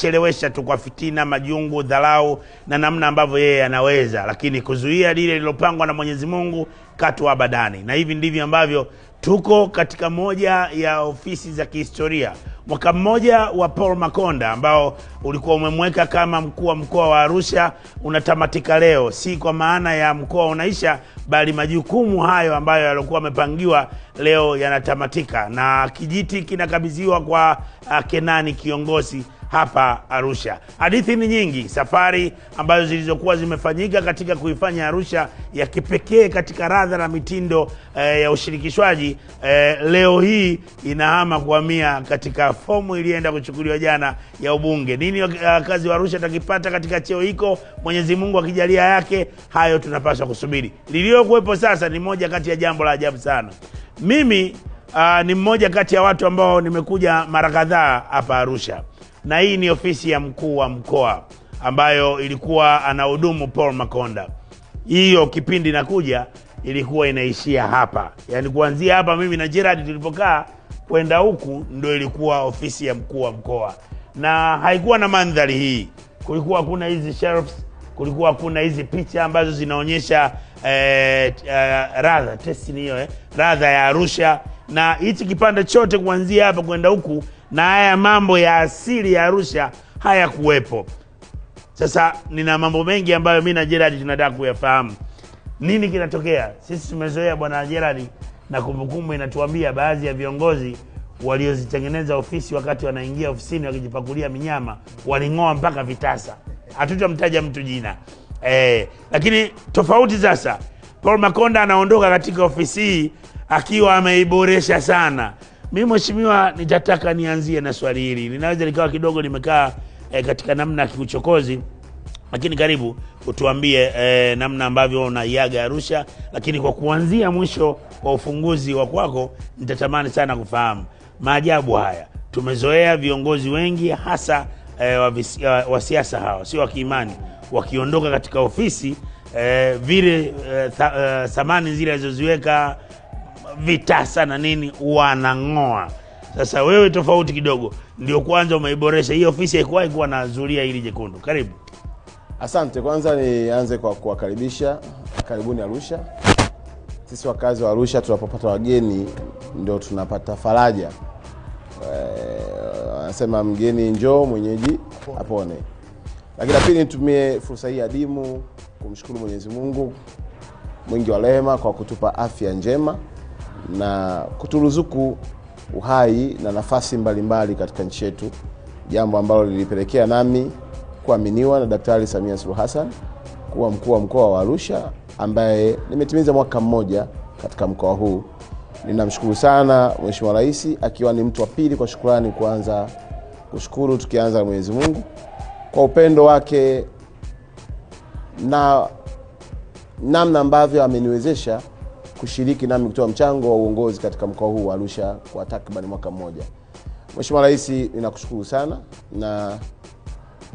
chelewesha tu kwa fitina, majungu, dharau na namna ambavyo yeye anaweza, lakini kuzuia lile lililopangwa na Mwenyezi Mungu katu abadani. Na hivi ndivyo ambavyo tuko katika moja ya ofisi za kihistoria, mwaka mmoja wa Paul Makonda ambao ulikuwa umemweka kama mkuu wa mkoa wa Arusha unatamatika leo, si kwa maana ya mkoa unaisha, bali majukumu hayo ambayo yalikuwa yamepangiwa leo yanatamatika, na kijiti kinakabidhiwa kwa uh, Kenani kiongozi hapa Arusha. Hadithi ni nyingi, safari ambazo zilizokuwa zimefanyika katika kuifanya Arusha ya kipekee katika radha na mitindo eh, ya ushirikishwaji eh, leo hii inahama kuhamia katika fomu iliyoenda kuchukuliwa jana ya ubunge. Nini eh, wakazi wa Arusha takipata katika cheo hiko? Mwenyezi Mungu akijalia yake, hayo tunapaswa kusubiri. liliyokuwepo sasa ni moja kati ya jambo la ajabu sana. Mimi uh, ni mmoja kati ya watu ambao nimekuja mara kadhaa hapa Arusha na hii ni ofisi ya mkuu wa mkoa ambayo ilikuwa anahudumu Paul Makonda. Hiyo kipindi nakuja ilikuwa inaishia hapa, yaani kuanzia hapa mimi na Gerard tulipokaa kwenda huku ndo ilikuwa ofisi ya mkuu wa mkoa, na haikuwa na mandhari hii. Kulikuwa hakuna hizi shelves, kulikuwa hakuna hizi picha ambazo zinaonyesha eh, eh, radha testi hiyo eh, radha ya Arusha na hichi kipande chote kuanzia hapa kwenda huku na haya mambo ya asili ya Arusha hayakuwepo. Sasa nina mambo mengi ambayo mimi na Gerard tunataka kuyafahamu. Nini kinatokea? Sisi tumezoea bwana Gerard, na kumbukumbu inatuambia baadhi ya viongozi waliozitengeneza ofisi wakati wanaingia ofisini wakijipakulia minyama waling'oa mpaka vitasa. Hatutamtaja mtu jina eh, lakini tofauti sasa Paul Makonda anaondoka katika ofisi hii akiwa ameiboresha sana. Mimi mheshimiwa, nitataka nianzie na swali hili, linaweza likawa kidogo limekaa e, katika namna ya kiuchokozi, lakini karibu utuambie e, namna ambavyo unaiaga Arusha, lakini kwa kuanzia mwisho wa ufunguzi wa kwako, nitatamani sana kufahamu maajabu haya. Tumezoea viongozi wengi hasa e, wa siasa hawa sio wa kiimani wakiondoka katika ofisi eh, vile eh, tha, eh, samani zile alizoziweka vitasa na nini wanang'oa. Sasa wewe tofauti kidogo, ndio kwanza umeiboresha hii ofisi, haikuwahi kuwa na zulia hili jekundu. Karibu. Asante. Kwanza nianze kwa kuwakaribisha, karibuni Arusha. Sisi wakazi wa Arusha tunapopata wageni ndio tunapata faraja. Wanasema eh, mgeni njoo, mwenyeji apone. Lakini la pili, nitumie fursa hii adimu kumshukuru Mwenyezi Mungu mwingi wa rehema kwa kutupa afya njema na kuturuzuku uhai na nafasi mbalimbali mbali katika nchi yetu, jambo ambalo lilipelekea nami kuaminiwa na Daktari Samia suluh Hassan kuwa mkuu wa mkoa wa Arusha ambaye nimetimiza mwaka mmoja katika mkoa huu. Ninamshukuru sana Mheshimiwa Rais akiwa ni mtu wa pili kwa shukurani kuanza kushukuru tukianza Mwenyezi Mungu kwa upendo wake na namna ambavyo ameniwezesha kushiriki nami kutoa mchango wa uongozi katika mkoa huu wa Arusha kwa takriban mwaka mmoja. Mheshimiwa Rais, ninakushukuru sana na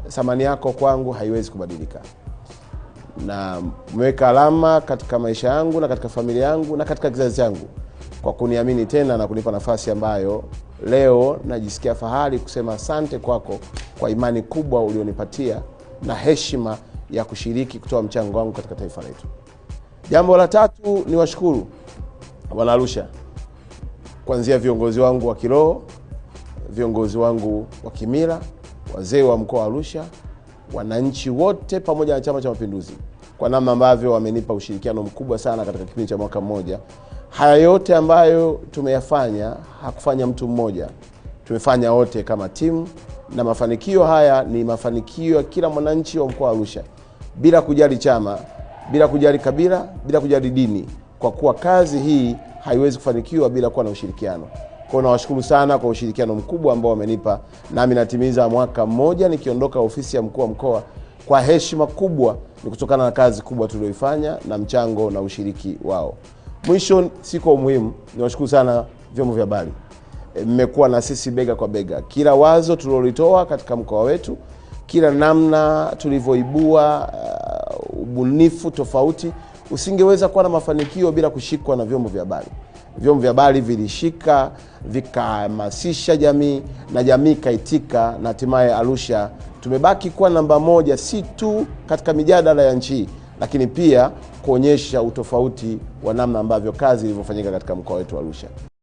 thamani yako kwangu haiwezi kubadilika, na umeweka alama katika maisha yangu na katika familia yangu na katika kizazi changu kwa kuniamini tena na kunipa nafasi ambayo leo najisikia fahari kusema asante kwako kwa imani kubwa ulionipatia na heshima ya kushiriki kutoa mchango wangu katika taifa letu. Jambo la tatu ni washukuru Wanaarusha, kuanzia viongozi wangu wa kiroho, viongozi wangu wa kimila, wazee wa mkoa wa Arusha, wananchi wote pamoja na Chama cha Mapinduzi kwa namna ambavyo wamenipa ushirikiano mkubwa sana katika kipindi cha mwaka mmoja. Haya yote ambayo tumeyafanya hakufanya mtu mmoja, tumefanya wote kama timu, na mafanikio haya ni mafanikio ya kila mwananchi wa mkoa wa Arusha bila kujali chama, bila kujali kabila, bila kujali dini, kwa kuwa kazi hii haiwezi kufanikiwa bila kuwa na ushirikiano. Kwa nawashukuru sana kwa ushirikiano mkubwa ambao wamenipa, nami natimiza mwaka mmoja nikiondoka ofisi ya mkuu wa mkoa kwa heshima kubwa. Ni kutokana na kazi kubwa tulioifanya na mchango na ushiriki wao. Mwisho si kwa umuhimu, niwashukuru sana vyombo vya habari, e, mmekuwa na sisi bega kwa bega. Kila wazo tulilolitoa katika mkoa wetu kila namna tulivyoibua uh, ubunifu tofauti, usingeweza kuwa na mafanikio bila kushikwa na vyombo vya habari. Vyombo vya habari vilishika, vikahamasisha jamii na jamii ikaitika, na hatimaye Arusha tumebaki kuwa namba moja, si tu katika mijadala ya nchi lakini pia kuonyesha utofauti wa namna ambavyo kazi ilivyofanyika katika mkoa wetu wa Arusha.